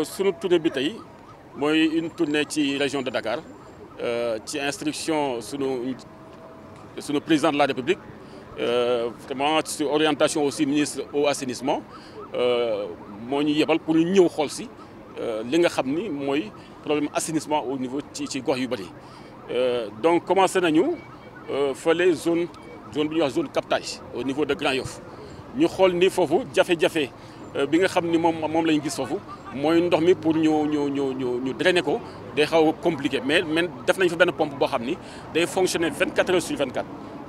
notre tournée bi tey mooy une tournée ci région de Dakar euh, ci instruction sur nos président de la République euh, vraiment sur orientation aussi ministre au assainissement nous euh, ñu yebal pour ñu ñëw xool si li nga problème assainissement au niveau ci ci gox yu bëri donc nous, nañu fële zone zone bi wax zone captage au niveau de Grand Yoff ñu avons ni foofu jafe fait. Euh, bi nga xamni mom mom lañu gis fofu moy ndox mi pour ñu ñu ñu ñu drainer ko day xaw compliqué mais man def nañ fa pompe bo xamni day fonctionner 24 heures sur 24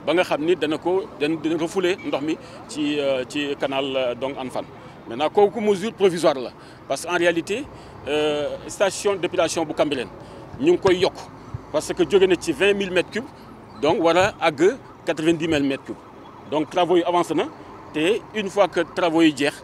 ba nga xamni ni ko dina refouler ndox mi ci euh, ci canal euh, donc an fan maintenant une mesure provisoire la parce qu'en réalité, réalité station d'épilation bu Cambérène ñu ngi koy parce que jogé na ci 20 000 mètres cubes donc voilà a 90000 90 000 mètres cubes donc travaux est avancé une fois que travaux yi jeex.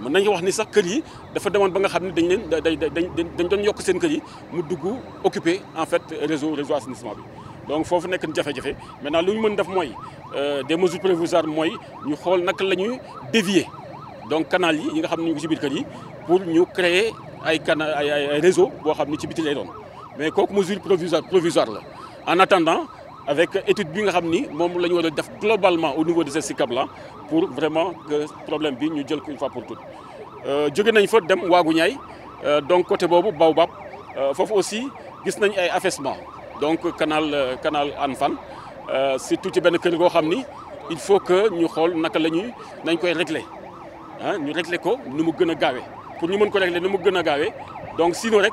mën nañu wax ni sax kër dafa ba nga en fait réseau réseau bi donc maintenant euh, des mesures provisoires dévier donc canal pour créer ay réseau mais mesure provisoire en attendant avec étude bi nga xamni mom lañu la def globalement au niveau de ces SICAP là pour vraiment que problème bi ñu jël ko une fois pour toutes euh, jogé nañ fa dem waagu euh, donc côté bobu Baobab euh, fofu aussi gis nañ ay affaissement donc canal euh, canal euh, C'est tout ci ben kër goo xamni il faut que ñu xol naka la nañ koy régler hein ñu régler ko nu mu gën a pour ñu mëne ko régler nu mu gën donc sinon rek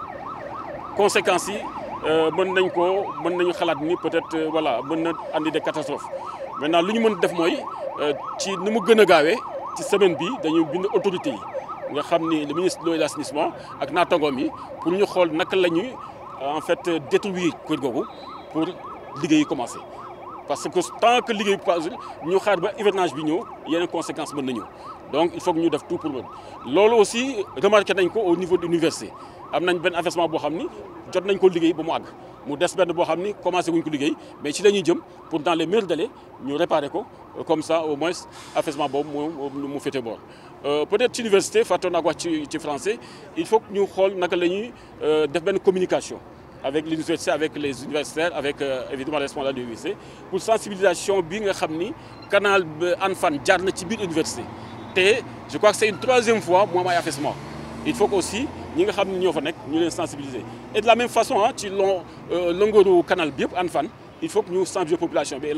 conséquences yi euh, mën nañ ko mën nañu xalaat ni peut-être euh, voilà mën na andi des catastrophes maintenant lu ñu mën def mooy euh, ci ni mu gën a gaawee ci semaine bi dañu bind autorité yi nga xam ni le ministre de assainissement ak naatangoom yi pour ñu xool naka la ñuy en fait détruire kër googu pour liggéey yi commencer. parce que tant que liggéey pas ñu xaar ba hivernage bi ñëw yeneen conséquences mën na ñëw donc il faut que ñu def tout pour loolu aussi remarqué nañ ko au niveau de l'université am nañ benn investissement boo ni jot nañ ko liggéey ba mu àgg mu des ben bo xamni ni commencé guñ ko liggéey mais ci lañuy jëm pour dans les meilleurs délais ñu réparer ko comme ça au moins affaissement boobu mu mu bor euh peut-être ci université fatona naa ko ci ci français il faut que ñu xol naka lañuy euh, def ben communication avec l'université avec les universitaires avec euh, évidemment les responsables de l'université pour sensibilisation bi nga ni canal enfant, fann jaar na ci université Et je crois que c'est une troisième fois moi m'a ay affaissement il faut que aussi ñi nga xamni ne ñoo fa ñu leen sensibiliser et de la même façon hein ci long euh, lëngooru canal bi yëpp il faut que ñu sensibiliser population bi et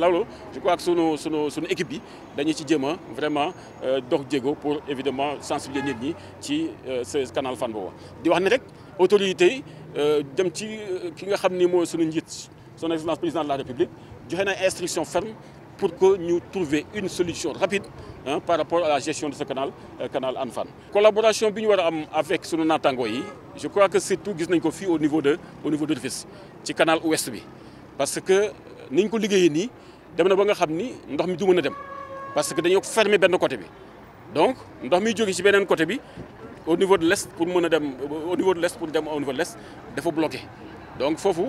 je crois que sono sono sunu équipe bi dañu ci jëma vraiment euh, dox jéego pour évidemment sensibiliser nit ñi ci euh, ce canal fan bo di wax ni rek autorité yi dem ci ki nga xamni ni sunu son excellence président de la république joxe na instruction ferme pour que nous trouvions une solution rapide hein, par rapport à la gestion de ce canal, euh, canal Anfan. Collaboration avec Sunu je crois que c'est tout ce que au niveau de au niveau de le canal ouest. Parce que euh, nous avons ni nous parce que fermer côté donc nous mi ci dans côté au niveau de l'est pour euh, au niveau de l'est pour dem au niveau de l'est donc foofu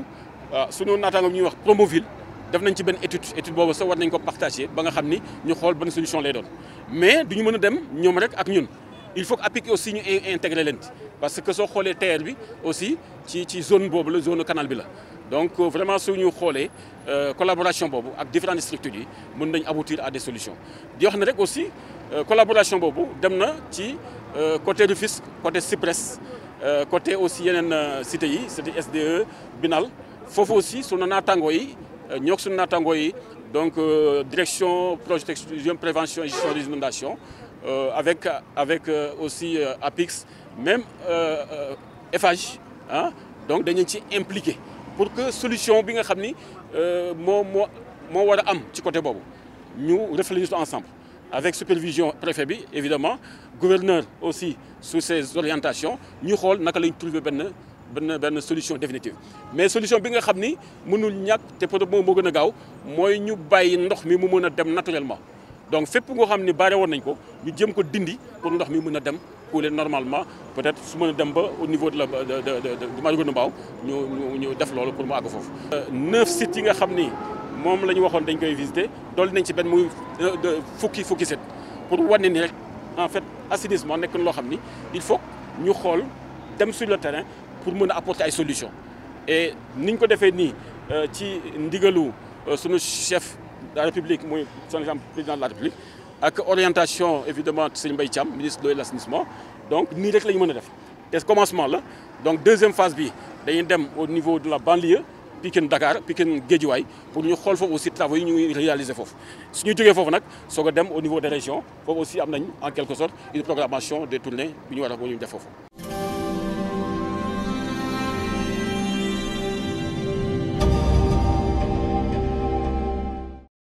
sunu que nous Promoville def nañ ci benn étude étude boobu sax war nañ ko partager ba nga xam nous ñu xool ban solution lay doon mais duñu moment a dem ñoom rek ak ñun il faut appliquer aussi ñu intégrer leen parce que soo xoolee TER bi aussi ci ci zone boobu la zone canal bi la donc euh, vraiment suñu xoolee euh, collaboration boobu ak différentes structures yi mën aboutir à des solutions di wax ne rek aussi euh, collaboration boobu dem na ci côté fisc côté Cyprès côté aussi une cité yi c'est SDE Binal faut aussi sunu naataangoo yi ñoo suñu naataangoo yi donc euh, direction d'exclusion, prévention et gestion des inondations euh, avec avec euh, aussi APIX même FH hein, donc nous ci impliqués. pour que solution soit nga moi moi moo moo moo côté ensemble avec supervision préfet évidemment gouverneur aussi sous ses orientations Nous avons naka lañ trouver ben ben solution définitive mais solution bi nga xam ni mënul ñàkk te peut-être moo moo gën a ñu ndox mi mu naturellement donc fépp nga xam ni bari woon nañ ko ñu jëm ko dindi pour ndox mi mën a couler normalement peut-être su mën a ba au niveau de la de de Madiagouna Mbao ñu ñu def loolu pour mu àgg euh, neuf sites yi nga xam ni moom la ñu dañ koy visiter dolli nañ ci benn muy euh, fukki fukki set pour wane ni rek en fait assainissement nek lo xamni il faut ñu xol dem sur le terrain pour nous apporter des solutions. et euh, avons euh, chef de la république son président de la république avec orientation évidemment ministre de l'assainissement donc nous rek fait ce commencement là donc deuxième phase au niveau de la banlieue Dakar pour nous, nous aussi réaliser au niveau des régions aussi amener, en quelque sorte une programmation de tournée nous faire